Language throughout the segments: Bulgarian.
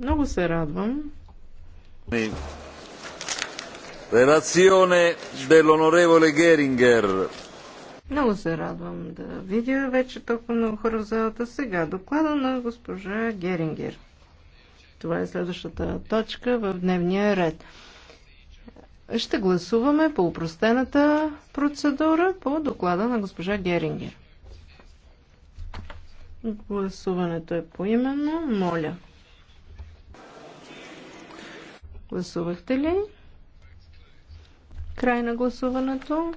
Много се радвам. Relazione dell'onorevole Герингер. Много се радвам да видя вече толкова много хора в залата. Сега доклада на госпожа Герингер. Това е следващата точка в дневния ред. Ще гласуваме по упростената процедура по доклада на госпожа Герингер. Гласуването е поименно. Моля. Гласувахте ли? Край на гласуването.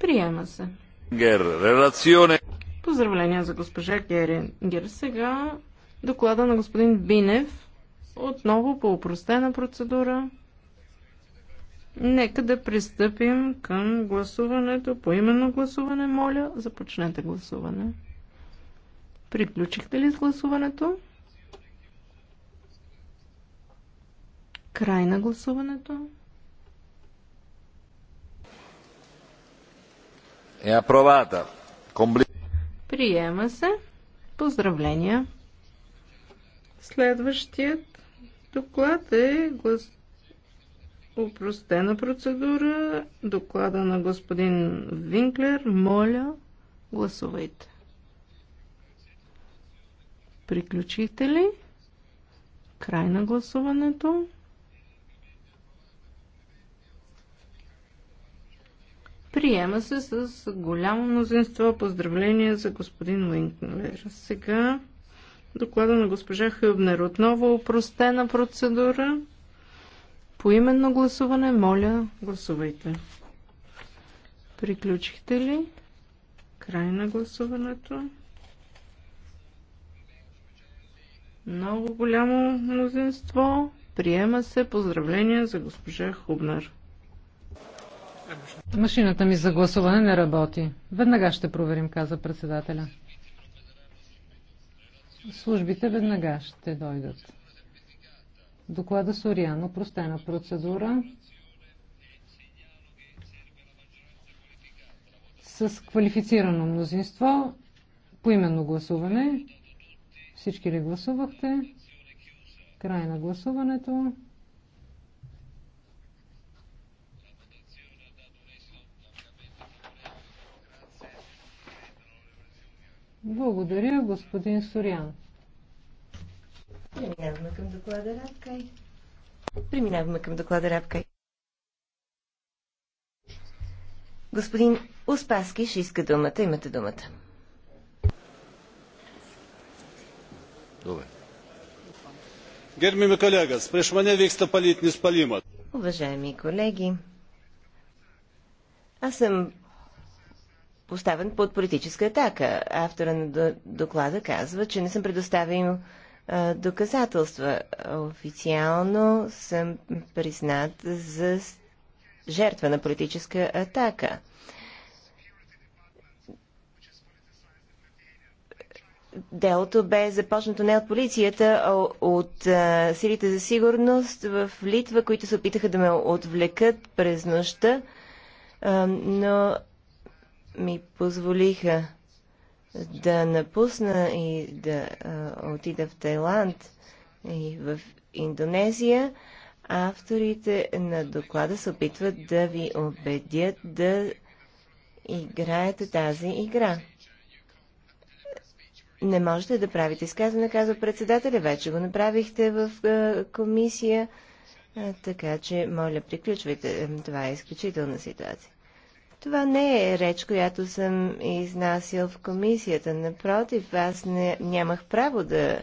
Приема се. Гер, релационе. Поздравления за госпожа Гери. Гер, сега доклада на господин Бинев. Отново по упростена процедура. Нека да пристъпим към гласуването. По именно гласуване, моля, започнете гласуване. Приключихте ли с гласуването? Край на гласуването. Е апровата. Приема се. Поздравления. Следващият доклад е гласуването упростена процедура. Доклада на господин Винклер. Моля, гласувайте. Приключихте ли? Край на гласуването. Приема се с голямо мнозинство. Поздравления за господин Уинклер. Сега доклада на госпожа Хюбнер. Отново упростена процедура. По именно гласуване, моля, гласувайте. Приключихте ли? Край на гласуването. Много голямо мнозинство. Приема се поздравления за госпожа Хубнар. Машината ми за гласуване не работи. Веднага ще проверим, каза председателя. Службите веднага ще дойдат. Доклада Сориано, простена процедура. С квалифицирано мнозинство, поименно гласуване. Всички ли гласувахте? Край на гласуването. Благодаря, господин Сориан. Преминаваме към доклада Рапкай. Преминаваме към доклада Рапкай. Господин Успаски ще иска думата. Имате думата. Добре. Гермими колега, спреш мене викста палит спалима. Уважаеми колеги, аз съм поставен под политическа атака. Автора на доклада казва, че не съм предоставил доказателства. Официално съм признат за жертва на политическа атака. Делото бе започнато не от полицията, а от а, силите за сигурност в Литва, които се опитаха да ме отвлекат през нощта, а, но ми позволиха да напусна и да а, отида в Тайланд и в Индонезия, авторите на доклада се опитват да ви убедят да играете тази игра. Не можете да правите изказване, казва председателя. Вече го направихте в а, комисия. А, така че, моля, приключвайте. Това е изключителна ситуация. Това не е реч, която съм изнасил в комисията. Напротив, аз не, нямах право да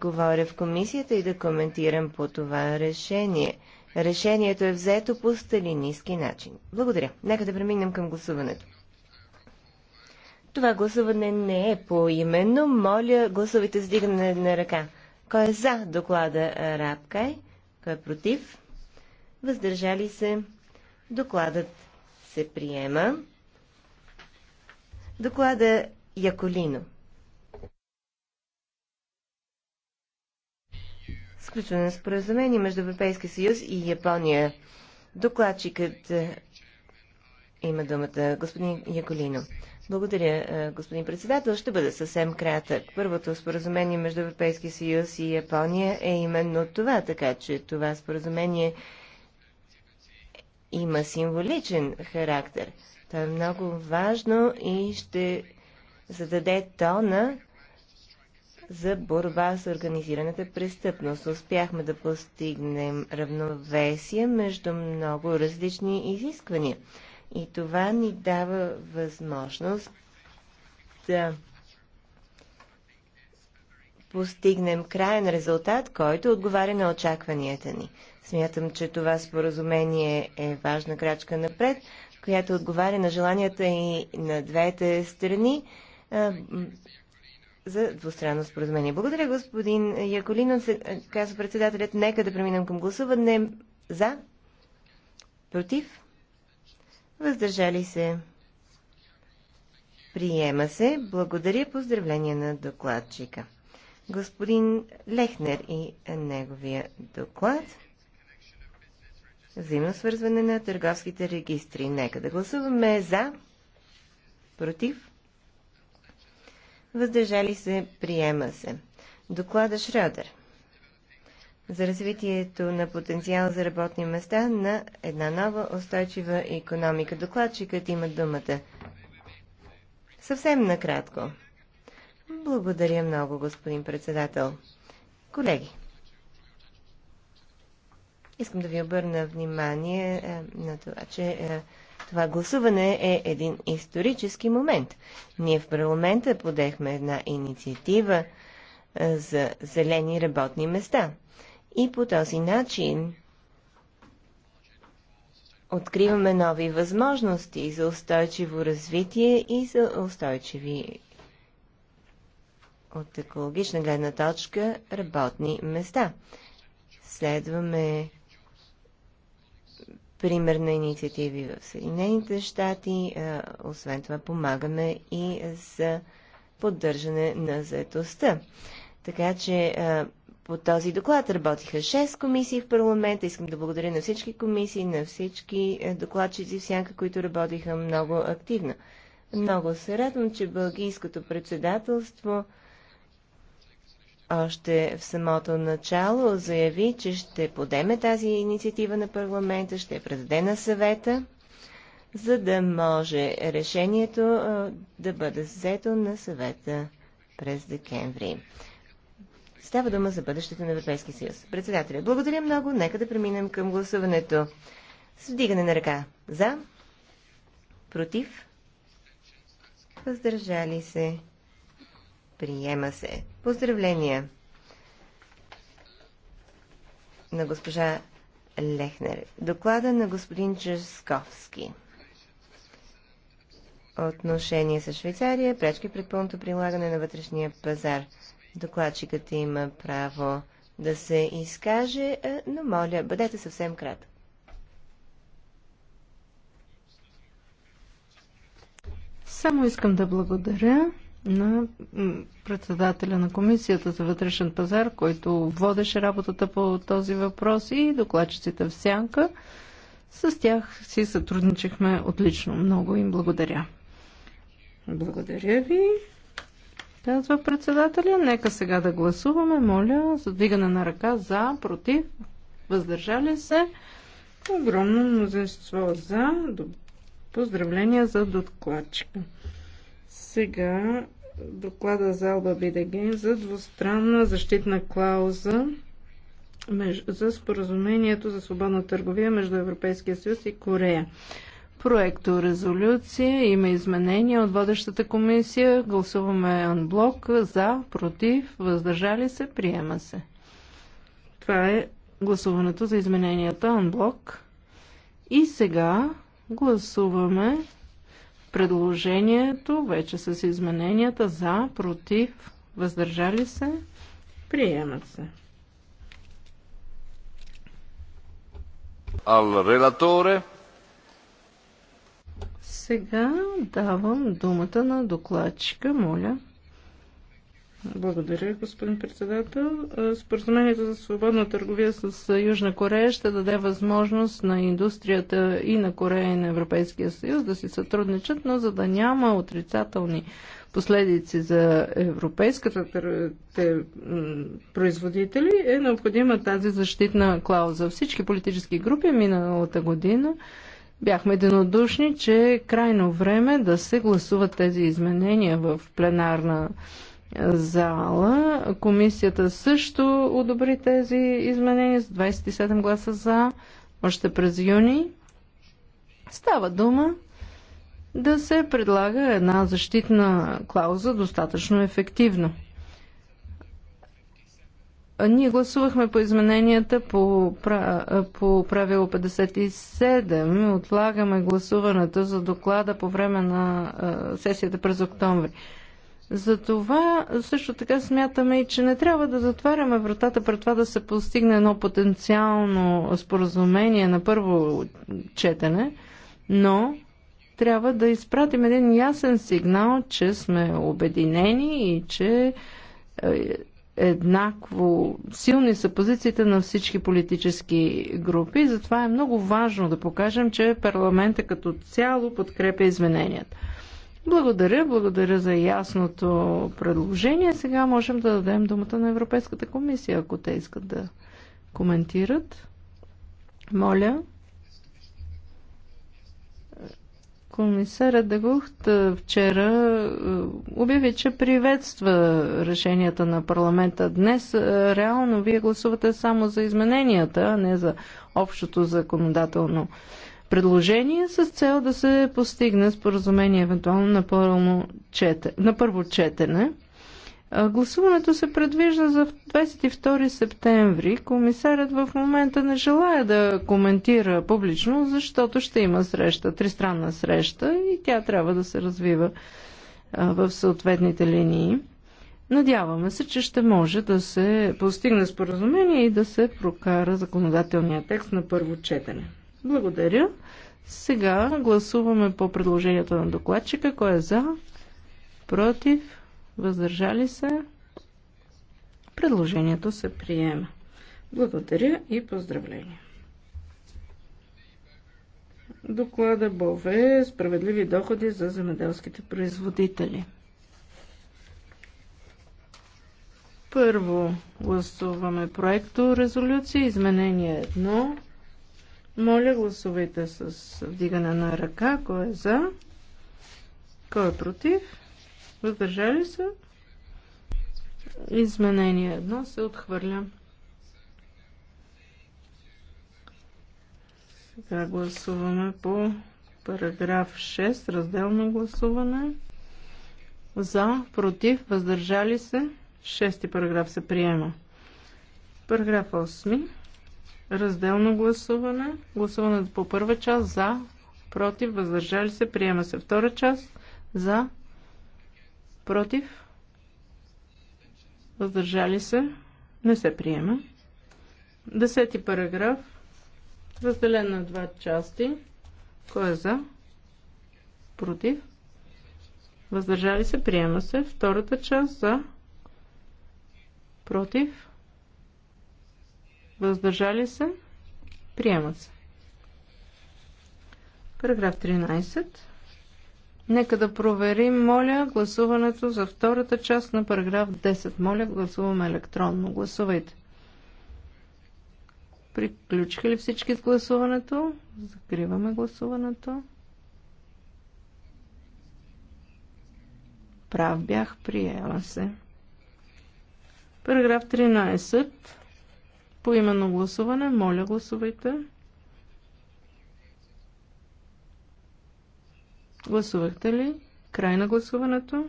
говоря в комисията и да коментирам по това решение. Решението е взето по сталинистки начин. Благодаря. Нека да преминем към гласуването. Това гласуване не е поименно. Моля, гласовите, сдигане на ръка. Кой е за доклада Рабкай? Кой е против? Въздържали се? Докладът се приема. Доклада Яколино. Сключване на споразумение между Европейския съюз и Япония. Докладчикът е, има думата господин Яколино. Благодаря, е, господин председател. Ще бъда съвсем кратък. Първото споразумение между Европейския съюз и Япония е именно това, така че това споразумение има символичен характер. То е много важно и ще зададе тона за борба с организираната престъпност. Успяхме да постигнем равновесие между много различни изисквания. И това ни дава възможност да постигнем краен резултат, който отговаря на очакванията ни. Смятам, че това споразумение е важна крачка напред, която отговаря на желанията и на двете страни а, за двустранно споразумение. Благодаря, господин Яколино. Казва председателят, нека да преминем към гласуване. За? Против? Въздържали се? Приема се. Благодаря. Поздравление на докладчика господин Лехнер и неговия доклад. Взаимно свързване на търговските регистри. Нека да гласуваме за, против, въздържали се, приема се. Доклада Шрёдер за развитието на потенциал за работни места на една нова устойчива економика. Докладчикът има думата. Съвсем накратко. Благодаря много, господин председател. Колеги, искам да ви обърна внимание е, на това, че е, това гласуване е един исторически момент. Ние в парламента подехме една инициатива е, за зелени работни места. И по този начин откриваме нови възможности за устойчиво развитие и за устойчиви от екологична гледна точка работни места. Следваме пример на инициативи в Съединените щати. Освен това помагаме и за поддържане на заетостта. Така че по този доклад работиха 6 комисии в парламента. Искам да благодаря на всички комисии, на всички докладчици, всяка, които работиха много активно. Много се радвам, че Бългийското председателство още в самото начало заяви, че ще подеме тази инициатива на парламента, ще я предаде на съвета, за да може решението да бъде взето на съвета през декември. Става дума за бъдещето на Европейския съюз. Председателя, благодаря много. Нека да преминем към гласуването. С вдигане на ръка. За. Против. Въздържали се. Приема се. Поздравления на госпожа Лехнер. Доклада на господин Ческовски. Отношение с Швейцария, пречки пред пълното прилагане на вътрешния пазар. Докладчикът има право да се изкаже, е, но моля, бъдете съвсем крат. Само искам да благодаря на председателя на Комисията за вътрешен пазар, който водеше работата по този въпрос и докладчиците в Сянка. С тях си сътрудничахме отлично. Много им благодаря. Благодаря ви. Казва председателя. Нека сега да гласуваме. Моля за дигане на ръка за, против, въздържали се. Огромно мнозинство за. Поздравления за докладчика. Сега доклада за Алба Бидеген за двустранна защитна клауза за споразумението за свободна търговия между Европейския съюз и Корея. Проекто резолюция има изменения от водещата комисия. Гласуваме анблок за, против, въздържали се, приема се. Това е гласуването за измененията анблок. И сега гласуваме предложението, вече с измененията за, против, въздържали се, приемат се. Ал релаторе. Сега давам думата на докладчика, моля. Благодаря, господин председател. Споразумението за свободна търговия с Южна Корея ще даде възможност на индустрията и на Корея и на Европейския съюз да си сътрудничат, но за да няма отрицателни последици за европейската те, производители, е необходима тази защитна клауза. Всички политически групи миналата година бяхме единодушни, че е крайно време да се гласуват тези изменения в пленарна зала. Комисията също одобри тези изменения с 27 гласа за, още през юни. Става дума да се предлага една защитна клауза достатъчно ефективно. Ние гласувахме по измененията по, по правило 57. Отлагаме гласуването за доклада по време на сесията през октомври. Затова също така смятаме и, че не трябва да затваряме вратата пред това да се постигне едно потенциално споразумение на първо четене, но трябва да изпратим един ясен сигнал, че сме обединени и че е, еднакво силни са позициите на всички политически групи. Затова е много важно да покажем, че парламента като цяло подкрепя измененията. Благодаря, благодаря за ясното предложение. Сега можем да дадем думата на Европейската комисия, ако те искат да коментират. Моля. Комисарът Дагухт вчера е, обяви, че приветства решенията на парламента. Днес е, реално вие гласувате само за измененията, а не за общото законодателно предложение с цел да се постигне споразумение евентуално на, чете, на първо четене. Гласуването се предвижда за 22 септември. Комисарят в момента не желая да коментира публично, защото ще има среща, тристранна среща и тя трябва да се развива в съответните линии. Надяваме се, че ще може да се постигне споразумение и да се прокара законодателния текст на първо четене. Благодаря. Сега гласуваме по предложението на докладчика. Кой е за? Против? Въздържали се? Предложението се приема. Благодаря и поздравления. Доклада БОВЕ е Справедливи доходи за земеделските производители. Първо гласуваме проекто резолюция, изменение 1. Моля, гласувайте с вдигане на ръка. Кой е за? Кой е против? Въздържали се? Изменение едно се отхвърля. Сега гласуваме по параграф 6, разделно гласуване. За, против, въздържали се. Шести параграф се приема. Параграф 8. Разделно гласуване. Гласуването по първа част за, против, въздържали се, приема се. Втора част за, против, въздържали се, не се приема. Десети параграф. Разделен на два части. Кой е за? Против. Въздържали се, приема се. Втората част за. Против. Въздържали се? Приема се. Параграф 13. Нека да проверим, моля, гласуването за втората част на параграф 10. Моля, гласуваме електронно. Гласувайте. Приключиха ли всички с гласуването? Закриваме гласуването. Прав бях, приема се. Параграф 13. По именно гласуване, моля гласувайте. Гласувахте ли? Край на гласуването.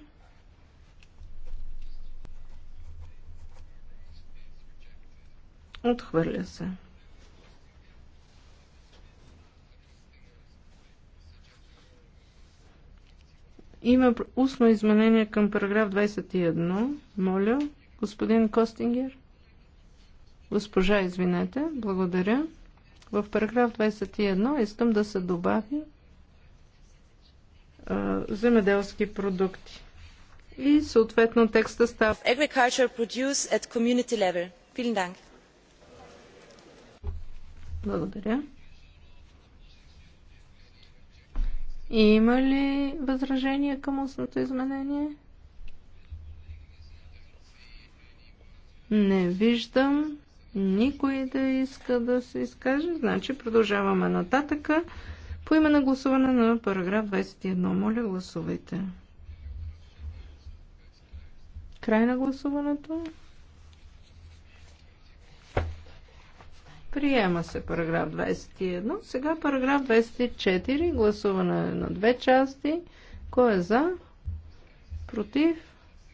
Отхвърля се. Има устно изменение към параграф 21. Моля, господин Костингер. Госпожа, извинете, благодаря. В параграф 21 искам да се добави а, земеделски продукти. И съответно текста става Agriculture produce at community level. Vielen Dank. Благодаря. И има ли възражение към устното изменение? Не виждам. Никой да иска да се изкаже. Значи продължаваме нататъка. По име на гласуване на параграф 21. Моля, гласувайте. Край на гласуването. Приема се параграф 21. Сега параграф 24. Гласуване на две части. Кой е за? Против?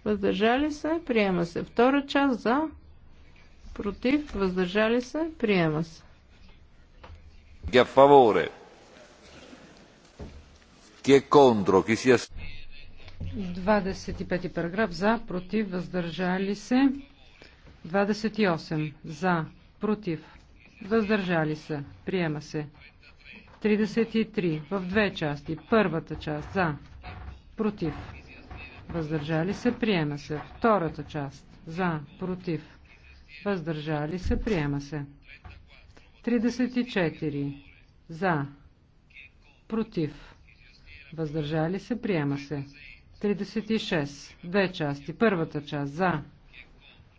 Въздържали се? Приема се втора част за? против, въздържали се, приема се. Chi a favore? Chi 25 параграф за, против, въздържали се. 28 за, против, въздържали се, приема се. 33 в две части. Първата част за, против, въздържали се, приема се. Втората част за, против, въздържали се, приема се. 34 за, против, въздържали се, приема се. 36. Две части. Първата част за,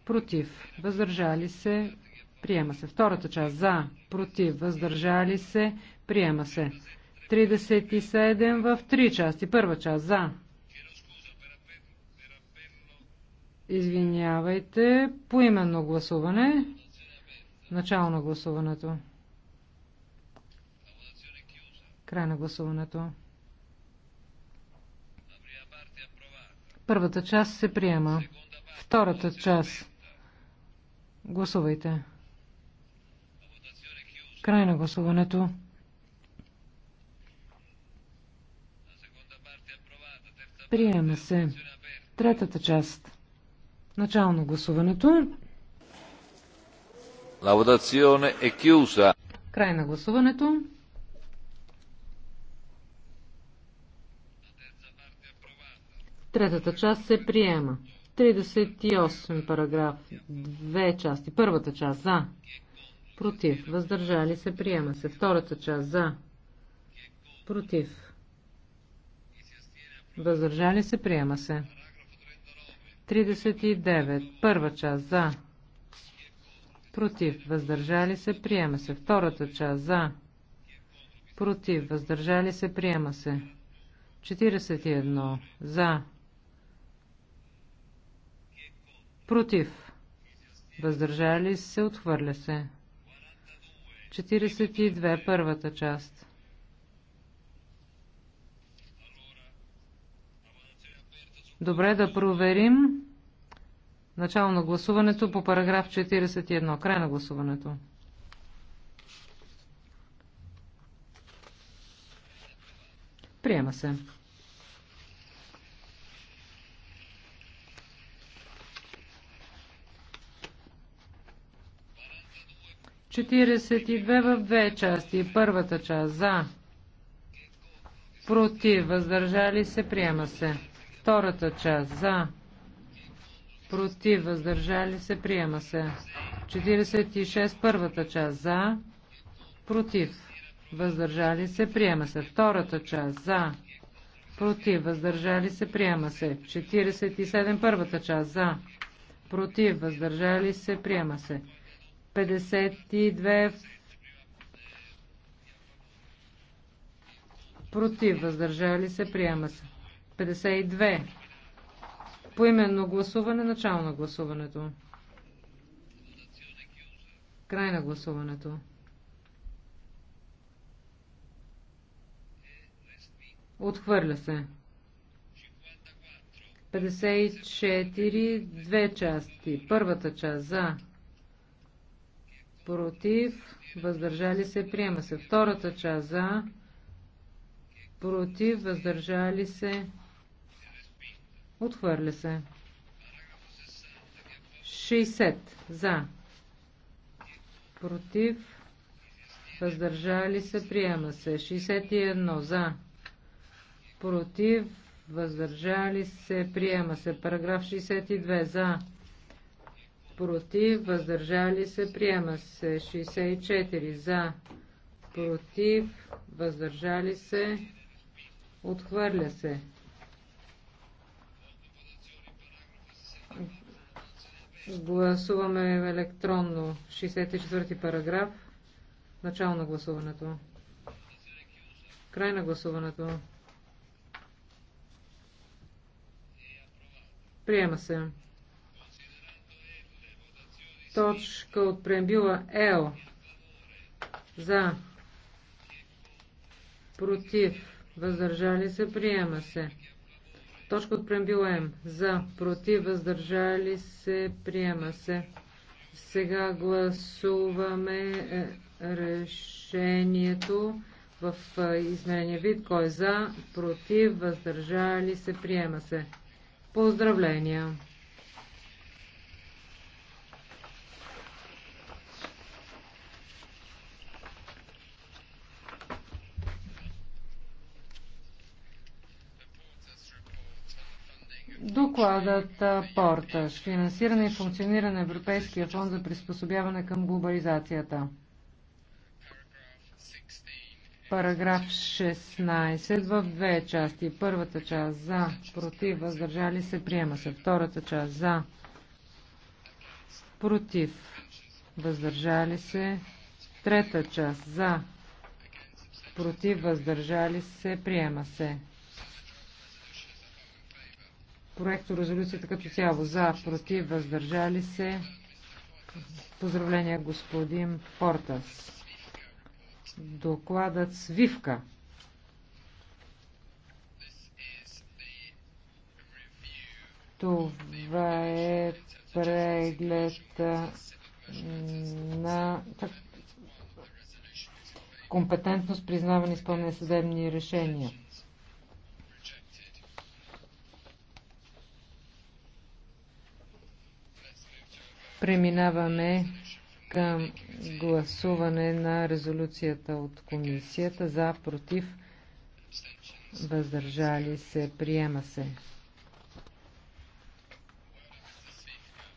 против, въздържали се, приема се. Втората част за, против, въздържали се, приема се. 37 в три части. Първа част за, Извинявайте, поименно гласуване. Начало на гласуването. Край на гласуването. Първата част се приема. Втората част. Гласувайте. Край на гласуването. Приема се. Третата част. Начало на гласуването. La votazione è chiusa. Край на гласуването. Третата част се приема. 38 параграф. Две части. Първата част за. Против. Въздържали се. Приема се. Втората част за. Против. Въздържали се. Приема се. 39. Първа част за. Против. Въздържали се. Приема се. Втората част за. Против. Въздържали се. Приема се. 41. За. Против. Въздържали се. Отхвърля се. 42. Първата част. Добре, да проверим начало на гласуването по параграф 41. Край на гласуването. Приема се. Четиридесет и две в две части. Първата част за, против, въздържали се, приема се. Втората част за, против, въздържали се, приема се. 46 първата част за, против, въздържали се, приема се. Втората част за, против, въздържали се, приема се. 47 първата част за, против, въздържали се, приема се. 52 против, въздържали се, приема се. 52. Поименно гласуване, начало на гласуването. Край на гласуването. Отхвърля се. 54, две части. Първата част за, против, въздържали се, приема се. Втората част за, против, въздържали се, Отхвърля се. 60 за. Против. Въздържали се. Приема се. 61 за. Против. Въздържали се. Приема се. Параграф 62 за. Против. Въздържали се. Приема се. 64 за. Против. Въздържали се. Отхвърля се. Гласуваме електронно 64 ти параграф. Начало на гласуването. Край на гласуването. Приема се. Точка от преембила Л. За. Против. Въздържали се. Приема се. Точка от преамбила М. За, против, въздържали се, приема се. Сега гласуваме е, решението в е, изменения вид. Кой е за, против, въздържали се, приема се. Поздравления! докладът Порташ. Финансиране и функциониране на Европейския фонд за приспособяване към глобализацията. Параграф 16 в две части. Първата част за, против, въздържали се, приема се. Втората част за, против, въздържали се. Трета част за, против, въздържали се, приема се проекто резолюцията като цяло за, против, въздържали се. Поздравления господин Портас. Докладът Свивка. Това е преглед на компетентност, признаване и изпълнение съдебни решения. Преминаваме към гласуване на резолюцията от комисията за, против, въздържали се, приема се.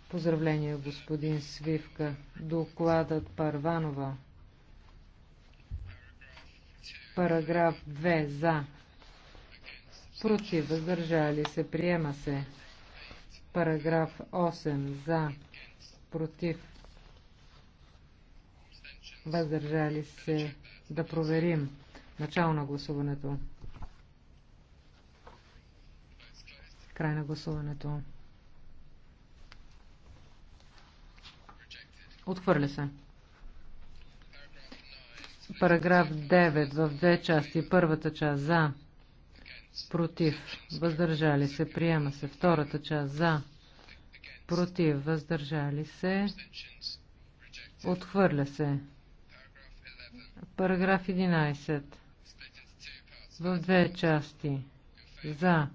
Поздравление, господин Свивка. Докладът Парванова. Параграф 2 за. Против, въздържали се, приема се. Параграф 8 за против, въздържали се, да проверим начало на гласуването. Край на гласуването. Отхвърля се. Параграф 9 в две части. Първата част за, против, въздържали се, приема се. Втората част за, против, въздържали се, отхвърля се. Параграф 11. В две части. За.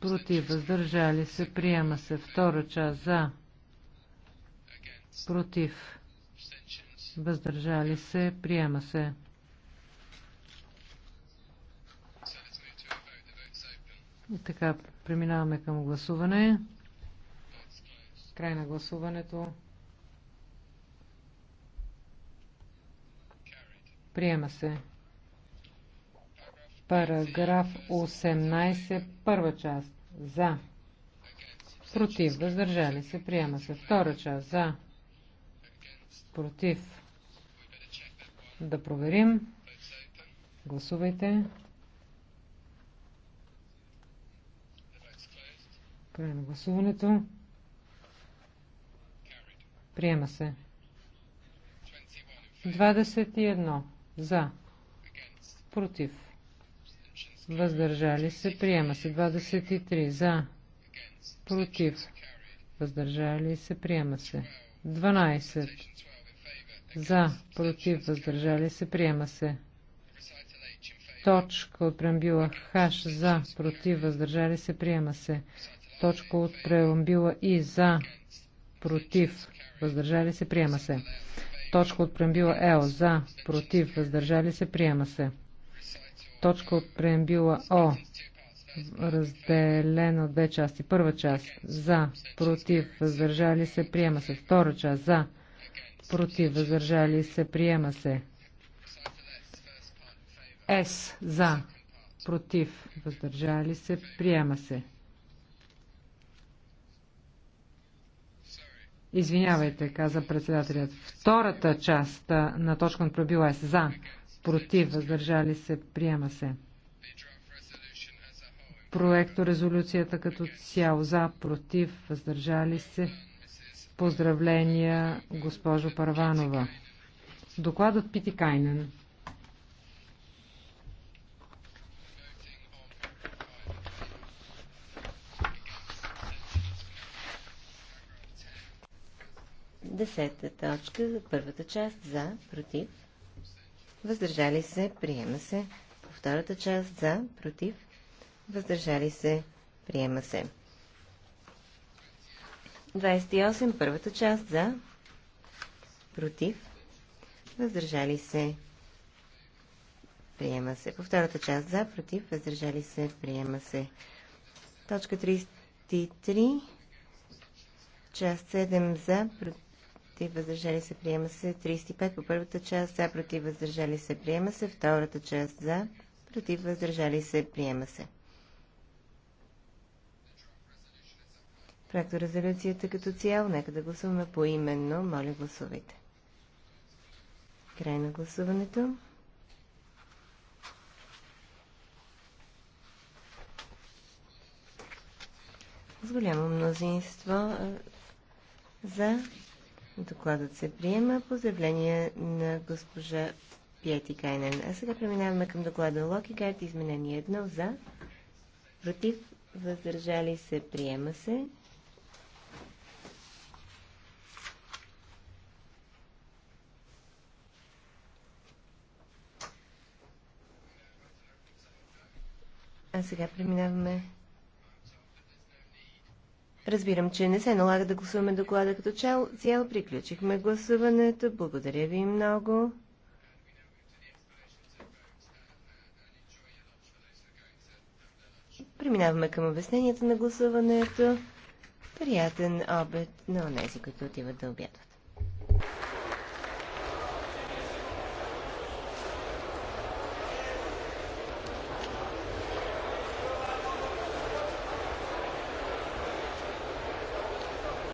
Против, въздържали се, приема се. Втора част. За. Против. Въздържали се, приема се. И така, Преминаваме към гласуване. Край на гласуването. Приема се. Параграф 18, първа част. За. Против. Въздържали се. Приема се. Втора част. За. Против. Да проверим. Гласувайте. Край на гласуването. Приема се. 21. За. Против. Въздържали се. Приема се. 23. За. Против. Въздържали се. Приема се. 12. За. Против. Въздържали се. Приема се. Точка от преамбюла Хаш. За. Против. Въздържали се. Приема се точка от преамбила и за, против, въздържали се, приема се. Точка от преамбила Л за, против, въздържали се, приема се. Точка от преамбила О разделена от две части. Първа част за, против, въздържали се, приема се. Втора част за, против, въздържали се, приема се. С за, против, въздържали се, приема се. Извинявайте, каза председателят. Втората част на точка на пробила е за, против, въздържали се, приема се. Проекто резолюцията като цяло за, против, въздържали се. Поздравления, госпожо Парванова. Докладът Пити Кайнен. Десета точка, първата част за, против, въздържали се, приема се. По втората част за, против, въздържали се, приема се. 28, първата част за, против, въздържали се, приема се. По втората част за, против, въздържали се, приема се. Точка 33, част 7 за, против, против, въздържали се, приема се. 35 по първата част, за, против, въздържали се, приема се. Втората част, за, против, въздържали се, приема се. Проекто резолюцията като цяло, нека да гласуваме поименно. Моля, гласувайте. Край на гласуването. С голямо мнозинство за Докладът се приема. Поздравления на госпожа Пиети Кайнен. А сега преминаваме към доклада Гайд. Изменение едно за. Против. Въздържали се. Приема се. А сега преминаваме Разбирам, че не се налага да гласуваме доклада като цяло. приключихме гласуването. Благодаря ви много. Преминаваме към обяснението на гласуването. Приятен обед на онези, които отиват да обядват.